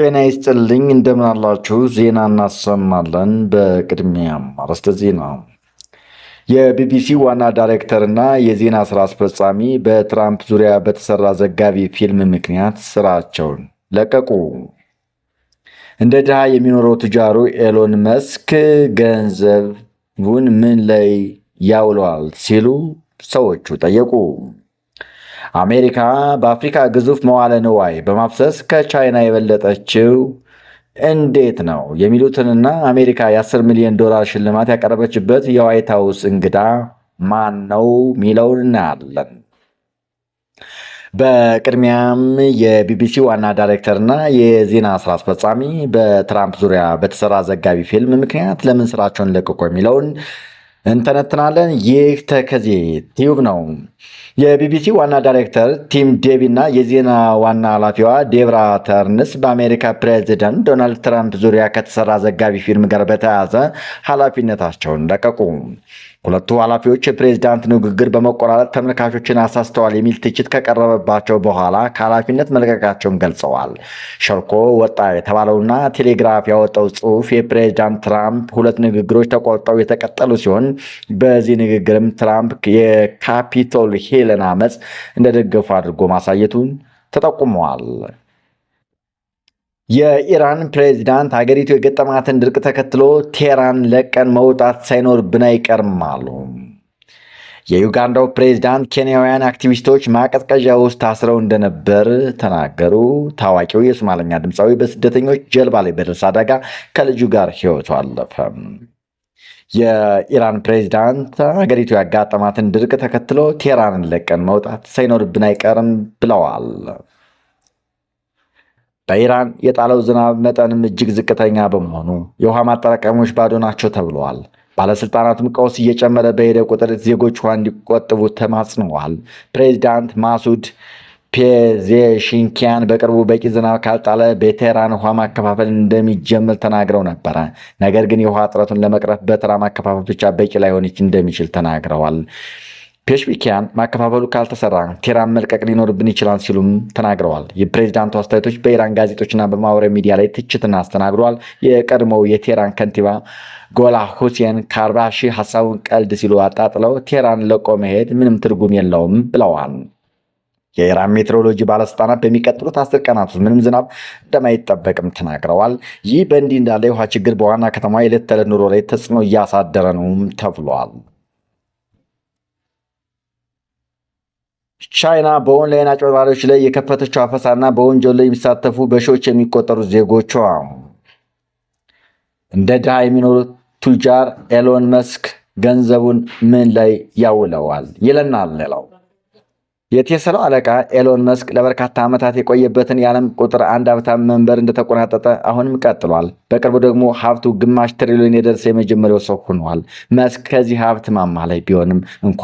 ጤና ይስጥልኝ እንደምን አላችሁ? ዜና እናሰማለን። በቅድሚያም አርዕስተ ዜና። የቢቢሲ ዋና ዳይሬክተርና የዜና ስራ አስፈጻሚ በትራምፕ ዙሪያ በተሰራ ዘጋቢ ፊልም ምክንያት ስራቸውን ለቀቁ። እንደ ድሃ የሚኖረው ቱጃሩ ኤሎን መስክ ገንዘቡን ምን ላይ ያውለዋል ሲሉ ሰዎቹ ጠየቁ። አሜሪካ በአፍሪካ ግዙፍ መዋለ ንዋይ በማፍሰስ ከቻይና የበለጠችው እንዴት ነው የሚሉትንና አሜሪካ የ10 ሚሊዮን ዶላር ሽልማት ያቀረበችበት የዋይት ሀውስ እንግዳ ማን ነው ሚለውን እናያለን። በቅድሚያም የቢቢሲ ዋና ዳይሬክተርና የዜና ስራ አስፈጻሚ በትራምፕ ዙሪያ በተሰራ ዘጋቢ ፊልም ምክንያት ለምን ስራቸውን ለቅቆ የሚለውን እንተነትናለን። ይህ ተከዜ ቲዩብ ነው። የቢቢሲ ዋና ዳይሬክተር ቲም ዴቪ እና የዜና ዋና ኃላፊዋ ዴብራ ተርንስ በአሜሪካ ፕሬዚደንት ዶናልድ ትራምፕ ዙሪያ ከተሰራ ዘጋቢ ፊልም ጋር በተያያዘ ኃላፊነታቸውን ለቀቁ። ሁለቱ ኃላፊዎች የፕሬዝዳንት ንግግር በመቆራረጥ ተመልካቾችን አሳስተዋል የሚል ትችት ከቀረበባቸው በኋላ ከኃላፊነት መልቀቃቸውን ገልጸዋል። ሸርኮ ወጣ የተባለውና ቴሌግራፍ ያወጣው ጽሑፍ የፕሬዝዳንት ትራምፕ ሁለት ንግግሮች ተቆርጠው የተቀጠሉ ሲሆን በዚህ ንግግርም ትራምፕ የካፒቶል ሂልን አመፅ እንደደገፉ አድርጎ ማሳየቱን ተጠቁመዋል። የኢራን ፕሬዚዳንት ሀገሪቱ የገጠማትን ድርቅ ተከትሎ ቴራን ለቀን መውጣት ሳይኖርብን አይቀርም አሉ። የዩጋንዳው ፕሬዚዳንት ኬንያውያን አክቲቪስቶች ማቀዝቀዣ ውስጥ ታስረው እንደነበር ተናገሩ። ታዋቂው የሶማለኛ ድምፃዊ በስደተኞች ጀልባ ላይ በደረሰ አደጋ ከልጁ ጋር ሕይወቱ አለፈ። የኢራን ፕሬዚዳንት ሀገሪቱ ያጋጠማትን ድርቅ ተከትሎ ቴራንን ለቀን መውጣት ሳይኖርብን አይቀርም ብለዋል። በኢራን የጣለው ዝናብ መጠንም እጅግ ዝቅተኛ በመሆኑ የውሃ ማጠራቀሚያዎች ባዶ ናቸው ተብለዋል። ባለስልጣናትም ቀውስ እየጨመረ በሄደ ቁጥር ዜጎች ውሃ እንዲቆጥቡ ተማጽነዋል። ፕሬዚዳንት ማሱድ ፔዜሽንኪያን በቅርቡ በቂ ዝናብ ካልጣለ በቴህራን ውሃ ማከፋፈል እንደሚጀምር ተናግረው ነበረ። ነገር ግን የውሃ እጥረቱን ለመቅረፍ በተራ ማከፋፈል ብቻ በቂ ላይሆን እንደሚችል ተናግረዋል። ፔሽዊኪያን ማከፋፈሉ ካልተሰራ ቴራን መልቀቅ ሊኖርብን ይችላል ሲሉም ተናግረዋል። የፕሬዚዳንቱ አስተያየቶች በኢራን ጋዜጦችና በማህበራዊ ሚዲያ ላይ ትችትን አስተናግረዋል። የቀድሞው የቴራን ከንቲባ ጎላ ሁሴን ካርባሺ ሀሳቡን ቀልድ ሲሉ አጣጥለው ቴራን ለቆ መሄድ ምንም ትርጉም የለውም ብለዋል። የኢራን ሜትሮሎጂ ባለስልጣናት በሚቀጥሉት አስር ቀናት ውስጥ ምንም ዝናብ እንደማይጠበቅም ተናግረዋል። ይህ በእንዲህ እንዳለ የውሃ ችግር በዋና ከተማ የዕለት ተዕለት ኑሮ ላይ ተጽዕኖ እያሳደረ ነው ተብሏል። ቻይና በኦንላይን አጭበርባሪዎች ላይ የከፈተችው አፈሳና በወንጀሉ ላይ የሚሳተፉ በሺዎች የሚቆጠሩ ዜጎቿ እንደ ድሃ የሚኖሩ ቱጃር ኤሎን መስክ ገንዘቡን ምን ላይ ያውለዋል? ይለናል ሌላው የቴስላው አለቃ ኤሎን መስክ ለበርካታ ዓመታት የቆየበትን የዓለም ቁጥር አንድ ሀብታም መንበር እንደተቆናጠጠ አሁንም ቀጥሏል። በቅርቡ ደግሞ ሀብቱ ግማሽ ትሪሊዮን የደረሰ የመጀመሪያው ሰው ሆኗል። መስክ ከዚህ ሀብት ማማ ላይ ቢሆንም እንኳ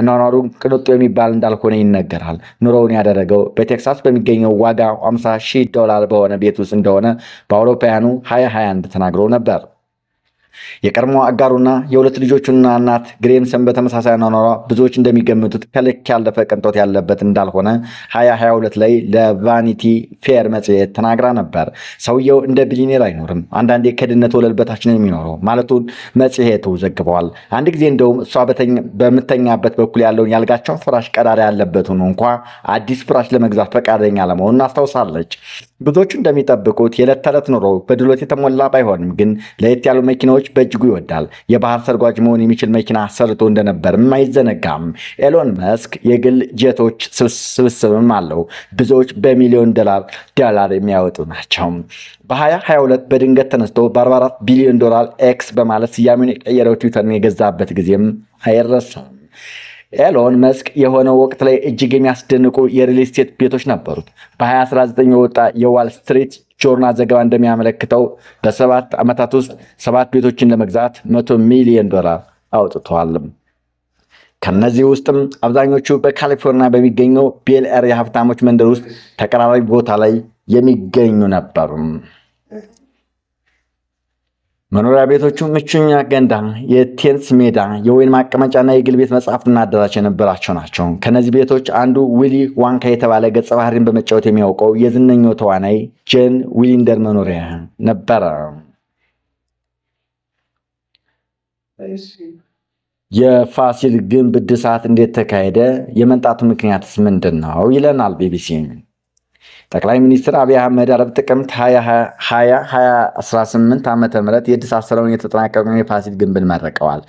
አኗኗሩ ቅንጡ የሚባል እንዳልሆነ ይነገራል። ኑሮውን ያደረገው በቴክሳስ በሚገኘው ዋጋ 50 ሺህ ዶላር በሆነ ቤት ውስጥ እንደሆነ በአውሮፓውያኑ 2021 ተናግሮ ነበር። የቀድሞ አጋሩና የሁለት ልጆቹና እናት ግሬንሰን በተመሳሳይ አኗኗሯ ብዙዎች እንደሚገምቱት ከልክ ያለፈ ቅንጦት ያለበት እንዳልሆነ 2022 ላይ ለቫኒቲ ፌር መጽሔት ተናግራ ነበር። ሰውየው እንደ ቢሊኔር አይኖርም፣ አንዳንዴ ከድህነት ወለል በታች ነው የሚኖረው ማለቱን መጽሔቱ ዘግበዋል። አንድ ጊዜ እንደውም እሷ በምተኛበት በኩል ያለውን ያልጋቸውን ፍራሽ ቀዳዳ ያለበት እንኳ አዲስ ፍራሽ ለመግዛት ፈቃደኛ ለመሆኑን አስታውሳለች። ብዙዎቹ እንደሚጠብቁት የዕለት ተዕለት ኑሮ በድሎት የተሞላ ባይሆንም ግን ለየት ያሉ መኪናዎች በእጅጉ ይወዳል። የባህር ሰርጓጅ መሆን የሚችል መኪና ሰርቶ እንደነበርም አይዘነጋም። ኤሎን መስክ የግል ጀቶች ስብስብም አለው። ብዙዎች በሚሊዮን ዶላር ዶላር የሚያወጡ ናቸው። በ2022 በድንገት ተነስቶ በ44 ቢሊዮን ዶላር ኤክስ በማለት ስያሜውን የቀየረው ትዊተርን የገዛበት ጊዜም አይረሳም። ኤሎን መስክ የሆነው ወቅት ላይ እጅግ የሚያስደንቁ የሪል ስቴት ቤቶች ነበሩት። በ2019 የወጣ የዋል ስትሪት ጆርናል ዘገባ እንደሚያመለክተው በሰባት ዓመታት ውስጥ ሰባት ቤቶችን ለመግዛት መቶ ሚሊዮን ዶላር አውጥተዋል። ከነዚህ ውስጥም አብዛኞቹ በካሊፎርኒያ በሚገኘው ቤል ኤር የሀብታሞች መንደር ውስጥ ተቀራራቢ ቦታ ላይ የሚገኙ ነበሩ። መኖሪያ ቤቶቹ ምቹኛ ገንዳ፣ የቴንስ ሜዳ፣ የወይን ማቀመጫና የግል ቤት መጽሐፍትና አዳራሽ የነበራቸው ናቸው። ከእነዚህ ቤቶች አንዱ ዊሊ ዋንካ የተባለ ገጸ ባህሪን በመጫወት የሚያውቀው የዝነኛው ተዋናይ ጄን ዊሊንደር መኖሪያ ነበረ። የፋሲል ግንብ እድሳት እንዴት ተካሄደ? የመንጣቱ ምክንያትስ ምንድን ነው? ይለናል ቢቢሲ። ጠቅላይ ሚኒስትር አብይ አህመድ አረብ ጥቅምት 2018 ዓ ም የተሳሰረውን የተጠናቀቀውን የፋሲል ግንብን መረቀዋል።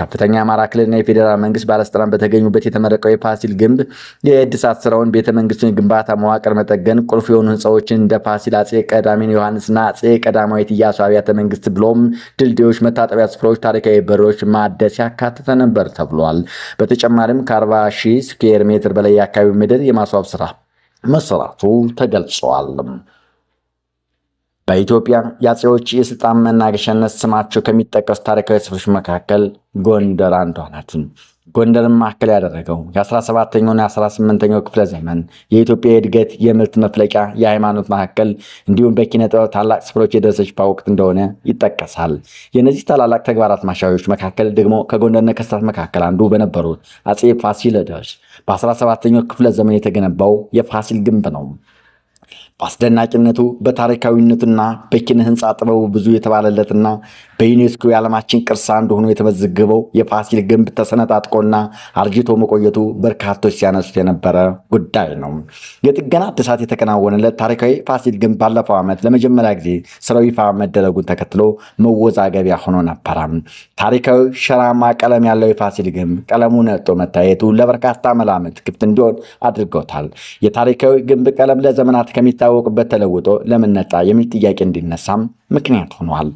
ከፍተኛ የአማራ ክልልና የፌዴራል መንግስት ባለስልጣናት በተገኙበት የተመረቀው የፋሲል ግንብ የእድሳት ስራውን ቤተመንግስቱን ግንባታ መዋቅር መጠገን፣ ቁልፍ የሆኑ ህንፃዎችን እንደ ፋሲል፣ አጼ ቀዳሚን ዮሐንስና አጼ ቀዳማዊት እያሱ አብያተ መንግስት ብሎም ድልድዮች፣ መታጠቢያ ስፍራዎች፣ ታሪካዊ በሮች ማደስ ያካተተ ነበር ተብሏል። በተጨማሪም ከ40 ሺህ ስኩዌር ሜትር በላይ የአካባቢ ምድር የማስዋብ ስራ መሰራቱ ተገልጿል። በኢትዮጵያ የአፄዎች የስልጣን መናገሻነት ስማቸው ከሚጠቀሱ ታሪካዊ ስፍሮች መካከል ጎንደር አንዷ ናት። ጎንደርን ማዕከል ያደረገው የ17ኛውና የ18ኛው ክፍለ ዘመን የኢትዮጵያ የእድገት የምርት መፍለቂያ የሃይማኖት ማዕከል እንዲሁም በኪነ ጥበብ ታላቅ ስፍሮች የደረሰችበት ወቅት እንደሆነ ይጠቀሳል። የእነዚህ ታላላቅ ተግባራት ማሻሻያዎች መካከል ደግሞ ከጎንደር ነገስታት መካከል አንዱ በነበሩት አጼ ፋሲለደስ በ17ኛው ክፍለ ዘመን የተገነባው የፋሲል ግንብ ነው። በአስደናቂነቱ በታሪካዊነቱና በኪነ ህንፃ ጥበቡ ብዙ የተባለለትና በዩኔስኮ የዓለማችን ቅርሳ እንደሆኑ የተመዘገበው የፋሲል ግንብ ተሰነጣጥቆና አርጅቶ መቆየቱ በርካቶች ሲያነሱት የነበረ ጉዳይ ነው። የጥገና እድሳት የተከናወነለት ታሪካዊ ፋሲል ግንብ ባለፈው ዓመት ለመጀመሪያ ጊዜ ስራው ይፋ መደረጉን ተከትሎ መወዛገቢያ ሆኖ ነበረ። ታሪካዊ ሸራማ ቀለም ያለው የፋሲል ግንብ ቀለሙ ነጦ መታየቱ ለበርካታ መላምት ክፍት እንዲሆን አድርገውታል። የታሪካዊ ግንብ ቀለም ለዘመናት ከሚታ ሳያወቅበት ተለውጦ ለምን ነጣ የሚል ጥያቄ እንዲነሳም ምክንያት ሆኗል።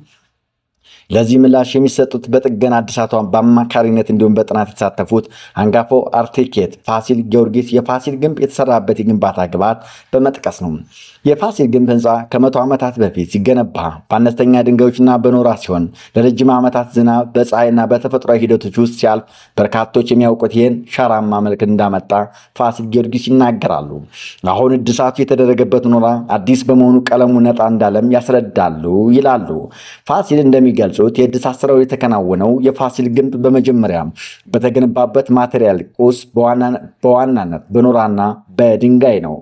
ለዚህ ምላሽ የሚሰጡት በጥገና አዲሳቷን በአማካሪነት እንዲሁም በጥናት የተሳተፉት አንጋፎ አርቴኬት ፋሲል ጊዮርጊስ የፋሲል ግንብ የተሰራበት የግንባታ ግብዓት በመጥቀስ ነው። የፋሲል ግንብ ህንፃ ከመቶ ዓመታት በፊት ሲገነባ በአነስተኛ ድንጋዮችና በኖራ ሲሆን ለረጅም ዓመታት ዝናብ በፀሐይና በተፈጥሯዊ ሂደቶች ውስጥ ሲያልፍ በርካቶች የሚያውቁት ይህን ሸራማ መልክ እንዳመጣ ፋሲል ጊዮርጊስ ይናገራሉ። አሁን እድሳቱ የተደረገበት ኖራ አዲስ በመሆኑ ቀለሙ ነጣ እንዳለም ያስረዳሉ ይላሉ ፋሲል እንደሚገልጽ እንደሚገልጹት የእድሳት ስራው የተከናወነው የፋሲል ግንብ በመጀመሪያ በተገነባበት ማቴሪያል ቁስ በዋናነት በኖራና በድንጋይ ነው።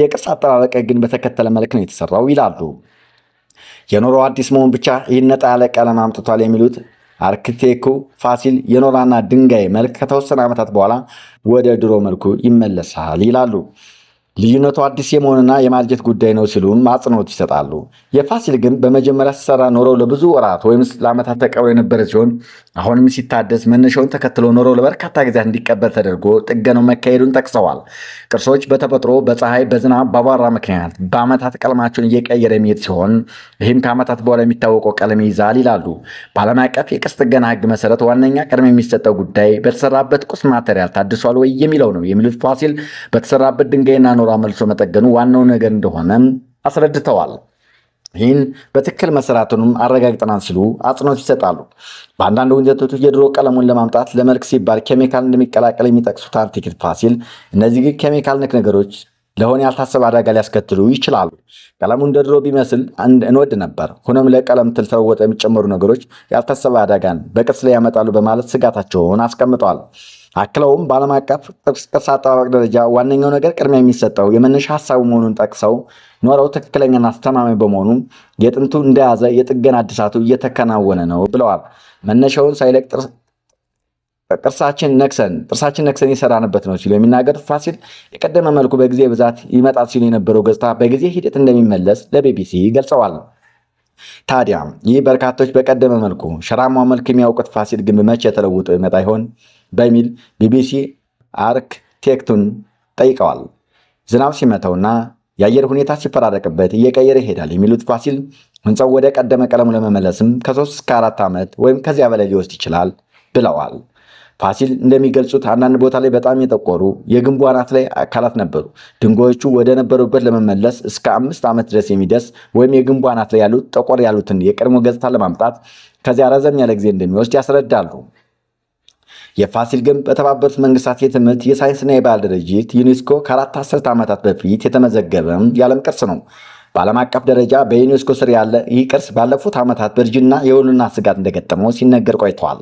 የቅርስ አጠባበቅ ግን በተከተለ መልክ ነው የተሰራው ይላሉ። የኖሮ አዲስ መሆን ብቻ ይህን ነጣ ያለ ቀለም አምጥቷል የሚሉት አርክቴኩ ፋሲል የኖራና ድንጋይ መልክ ከተወሰነ ዓመታት በኋላ ወደ ድሮ መልኩ ይመለሳል ይላሉ። ልዩነቱ አዲስ የመሆንና የማልጀት ጉዳይ ነው ሲሉም አጽንኦት ይሰጣሉ። የፋሲል ግንብ በመጀመሪያ ሲሰራ ኖረው ለብዙ ወራት ወይም ለዓመታት ተቀብሮ የነበረ ሲሆን አሁንም ሲታደስ መነሻውን ተከትሎ ኖሮ ለበርካታ ጊዜያት እንዲቀበል ተደርጎ ጥገናው መካሄዱን ጠቅሰዋል። ቅርሶች በተፈጥሮ በፀሐይ፣ በዝናብ፣ በአቧራ ምክንያት በዓመታት ቀለማቸውን እየቀየረ የሚሄድ ሲሆን ይህም ከዓመታት በኋላ የሚታወቀው ቀለም ይይዛል ይላሉ። በዓለም አቀፍ የቅርስ ጥገና ሕግ መሰረት ዋነኛ ቅድሚያ የሚሰጠው ጉዳይ በተሰራበት ቁስ ማቴሪያል ታድሷል ወይ የሚለው ነው የሚሉት ፋሲል በተሰራበት ድንጋይና ኖራ መልሶ መጠገኑ ዋናው ነገር እንደሆነ አስረድተዋል። ይህን በትክክል መሰራቱንም አረጋግጠናል ሲሉ አጽንኦት ይሰጣሉ። በአንዳንድ ውንጀቶች የድሮ ቀለሙን ለማምጣት ለመልክ ሲባል ኬሚካል እንደሚቀላቀል የሚጠቅሱት አርቲክል ፋሲል እነዚህ ኬሚካል ነክ ነገሮች ለሆነ ያልታሰበ አደጋ ሊያስከትሉ ይችላሉ። ቀለሙ እንደ ድሮ ቢመስል እንወድ ነበር። ሆኖም ለቀለም ትል ተለወጠ የሚጨመሩ ነገሮች ያልታሰበ አደጋን በቅርስ ላይ ያመጣሉ በማለት ስጋታቸውን አስቀምጠዋል። አክለውም በዓለም አቀፍ ቅርስ አጠባበቅ ደረጃ ዋነኛው ነገር ቅድሚያ የሚሰጠው የመነሻ ሀሳቡ መሆኑን ጠቅሰው ኖረው ትክክለኛና አስተማማኝ በመሆኑ የጥንቱ እንደያዘ የጥገና አድሳቱ እየተከናወነ ነው ብለዋል። መነሻውን ሳይለቅ ቅርሳችን ነክሰን ጥርሳችን ነክሰን የሰራንበት ነው ሲሉ የሚናገሩት ፋሲል የቀደመ መልኩ በጊዜ ብዛት ይመጣል ሲሉ የነበረው ገጽታ በጊዜ ሂደት እንደሚመለስ ለቢቢሲ ገልጸዋል። ታዲያ ይህ በርካቶች በቀደመ መልኩ ሸራማ መልክ የሚያውቁት ፋሲል ግንብ መቼ ተለውጦ ይመጣ ይሆን? በሚል ቢቢሲ አርክቴክቱን ጠይቀዋል። ዝናብ ሲመተውና የአየር ሁኔታ ሲፈራረቅበት እየቀየረ ይሄዳል የሚሉት ፋሲል ህንፃው ወደ ቀደመ ቀለሙ ለመመለስም ከሶስት እስከ አራት ዓመት ወይም ከዚያ በላይ ሊወስድ ይችላል ብለዋል። ፋሲል እንደሚገልጹት አንዳንድ ቦታ ላይ በጣም የጠቆሩ የግንቡ አናት ላይ አካላት ነበሩ። ድንጋዮቹ ወደ ነበሩበት ለመመለስ እስከ አምስት ዓመት ድረስ የሚደርስ ወይም የግንቡ አናት ላይ ያሉት ጠቆር ያሉትን የቀድሞ ገጽታ ለማምጣት ከዚያ ረዘም ያለ ጊዜ እንደሚወስድ ያስረዳሉ። የፋሲል ግንብ በተባበሩት መንግስታት የትምህርት የሳይንስና የባህል ድርጅት ዩኔስኮ ከአራት አስርት ዓመታት በፊት የተመዘገበ የዓለም ቅርስ ነው። በዓለም አቀፍ ደረጃ በዩኔስኮ ስር ያለ ይህ ቅርስ ባለፉት ዓመታት በእርጅና የሁሉና ስጋት እንደገጠመው ሲነገር ቆይተዋል።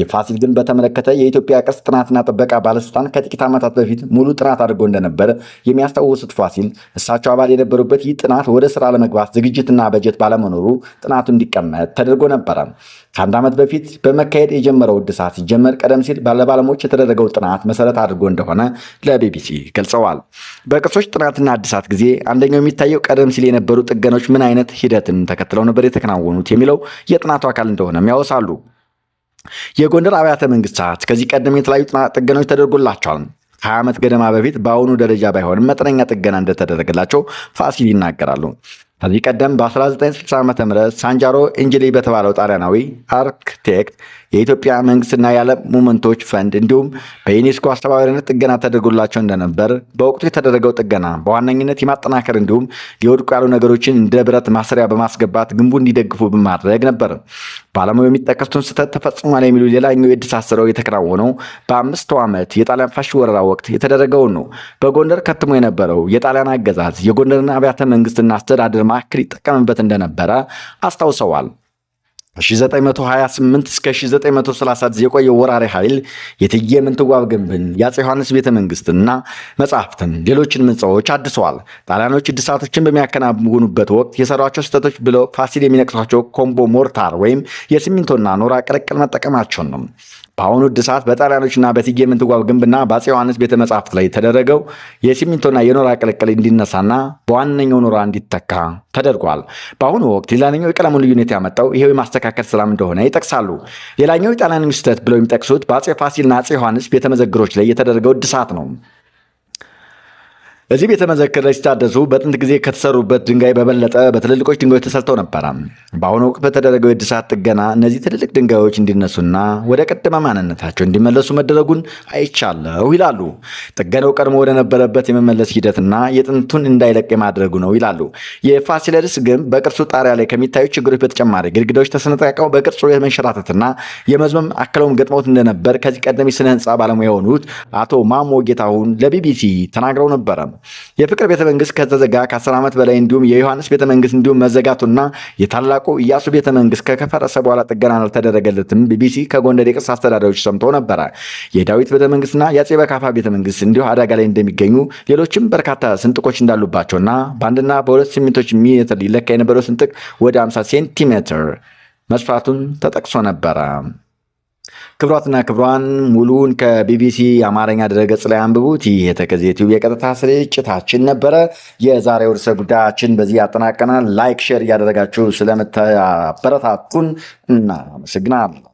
የፋሲል ግንብ በተመለከተ የኢትዮጵያ ቅርስ ጥናትና ጥበቃ ባለስልጣን ከጥቂት ዓመታት በፊት ሙሉ ጥናት አድርጎ እንደነበር የሚያስታውሱት ፋሲል እሳቸው አባል የነበሩበት ይህ ጥናት ወደ ስራ ለመግባት ዝግጅትና በጀት ባለመኖሩ ጥናቱ እንዲቀመጥ ተደርጎ ነበረ። ከአንድ ዓመት በፊት በመካሄድ የጀመረው እድሳት ሲጀመር ቀደም ሲል ባለባለሞች የተደረገው ጥናት መሰረት አድርጎ እንደሆነ ለቢቢሲ ገልጸዋል። በቅርሶች ጥናትና እድሳት ጊዜ አንደኛው የሚታየው ቀደም ሲል የነበሩ ጥገኖች ምን አይነት ሂደትን ተከትለው ነበር የተከናወኑት የሚለው የጥናቱ አካል እንደሆነም ያወሳሉ። የጎንደር አብያተ መንግስታት ከዚህ ቀደም የተለያዩ ጥና ጥገናዎች ተደርጎላቸዋል። ከሀያ ዓመት ገደማ በፊት በአሁኑ ደረጃ ባይሆንም መጠነኛ ጥገና እንደተደረገላቸው ፋሲል ይናገራሉ። ከዚህ ቀደም በ1960 ዓ ም ሳንጃሮ እንጅሊ በተባለው ጣሊያናዊ አርክቴክት የኢትዮጵያ መንግስትና የዓለም ሙመንቶች ፈንድ እንዲሁም በዩኔስኮ አስተባባሪነት ጥገና ተደርጎላቸው እንደነበር በወቅቱ የተደረገው ጥገና በዋነኝነት የማጠናከር እንዲሁም የወድቁ ያሉ ነገሮችን እንደ ብረት ማሰሪያ በማስገባት ግንቡ እንዲደግፉ በማድረግ ነበር። በዓለሙ የሚጠቀሱትን ስህተት ተፈጽሟል የሚሉ ሌላኛው የእድሳት ስራው የተከናወነው በአምስቱ ዓመት የጣሊያን ፋሽ ወረራ ወቅት የተደረገውን ነው። በጎንደር ከትሞ የነበረው የጣሊያን አገዛዝ የጎንደርን አብያተ መንግስትና አስተዳደር ማዕከል ይጠቀምበት እንደነበረ አስታውሰዋል። 1928 እስከ 1930 የቆየው ወራሪ ኃይል የእቴጌ ምንትዋብ ግንብን፣ የአፄ ዮሐንስ ቤተ መንግሥትና መጽሐፍትን፣ ሌሎችን ህንፃዎች አድሰዋል። ጣሊያኖች እድሳቶችን በሚያከናውኑበት ወቅት የሰሯቸው ስህተቶች ብለው ፋሲል የሚነቅሷቸው ኮምቦ ሞርታር ወይም የሲሚንቶና ኖራ ቅልቅል መጠቀማቸውን ነው። በአሁኑ እድሳት በጣሊያኖችና በእቴጌ ምንትዋብ ግንብና በአፄ ዮሐንስ ቤተ መጻሕፍት ላይ የተደረገው የሲሚንቶና የኖራ ቅልቅል እንዲነሳና በዋነኛው ኖራ እንዲተካ ተደርጓል። በአሁኑ ወቅት ሌላኛው የቀለሙን ልዩነት ያመጣው ይሄው የማስተካከል ስራም እንደሆነ ይጠቅሳሉ። ሌላኛው የጣሊያን ስህተት ብለው የሚጠቅሱት በአፄ ፋሲልና አፄ ዮሐንስ ቤተ ላይ የተደረገው እድሳት ነው። በዚህ ቤተ መዘክር ላይ ሲታደሱ በጥንት ጊዜ ከተሰሩበት ድንጋይ በበለጠ በትልልቆች ድንጋዮች ተሰርተው ነበረ። በአሁኑ ወቅት በተደረገው የእድሳት ጥገና እነዚህ ትልልቅ ድንጋዮች እንዲነሱና ወደ ቀደመ ማንነታቸው እንዲመለሱ መደረጉን አይቻለሁ ይላሉ። ጥገናው ቀድሞ ወደነበረበት የመመለስ ሂደትና የጥንቱን እንዳይለቅ የማድረጉ ነው ይላሉ። የፋሲለደስ ግንብ በቅርሱ ጣሪያ ላይ ከሚታዩ ችግሮች በተጨማሪ ግድግዳዎች ተሰነጣቅቀው በቅርጹ የመንሸራተትና የመዝመም አክለውም ገጥመውት እንደነበር ከዚህ ቀደም የስነ ህንፃ ባለሙያ የሆኑት አቶ ማሞ ጌታሁን ለቢቢሲ ተናግረው ነበረ። ነው። የፍቅር ቤተመንግስት ከተዘጋ ከአስር ዓመት በላይ እንዲሁም የዮሐንስ ቤተመንግስት እንዲሁም መዘጋቱና የታላቁ ኢያሱ ቤተመንግስት ከከፈረሰ በኋላ ጥገና አልተደረገለትም ቢቢሲ ከጎንደር የቅርስ አስተዳዳሪዎች ሰምቶ ነበረ። የዳዊት ቤተመንግስትና የአጼ በካፋ ቤተመንግስት እንዲሁ አደጋ ላይ እንደሚገኙ ሌሎችም በርካታ ስንጥቆች እንዳሉባቸውና በአንድና በሁለት ስሜቶች ሜትር ሊለካ የነበረው ስንጥቅ ወደ 50 ሴንቲሜትር መስፋቱን ተጠቅሶ ነበረ። ክብሯትና ክብሯን ሙሉውን ከቢቢሲ አማርኛ ድረገጽ ላይ አንብቡት። ይህ የተከዜ ቲዩብ የቀጥታ ስርጭታችን ነበረ። የዛሬው ርዕሰ ጉዳያችን በዚህ ያጠናቀናል። ላይክ፣ ሼር እያደረጋችሁ ስለምታበረታቱን እናመሰግናለን።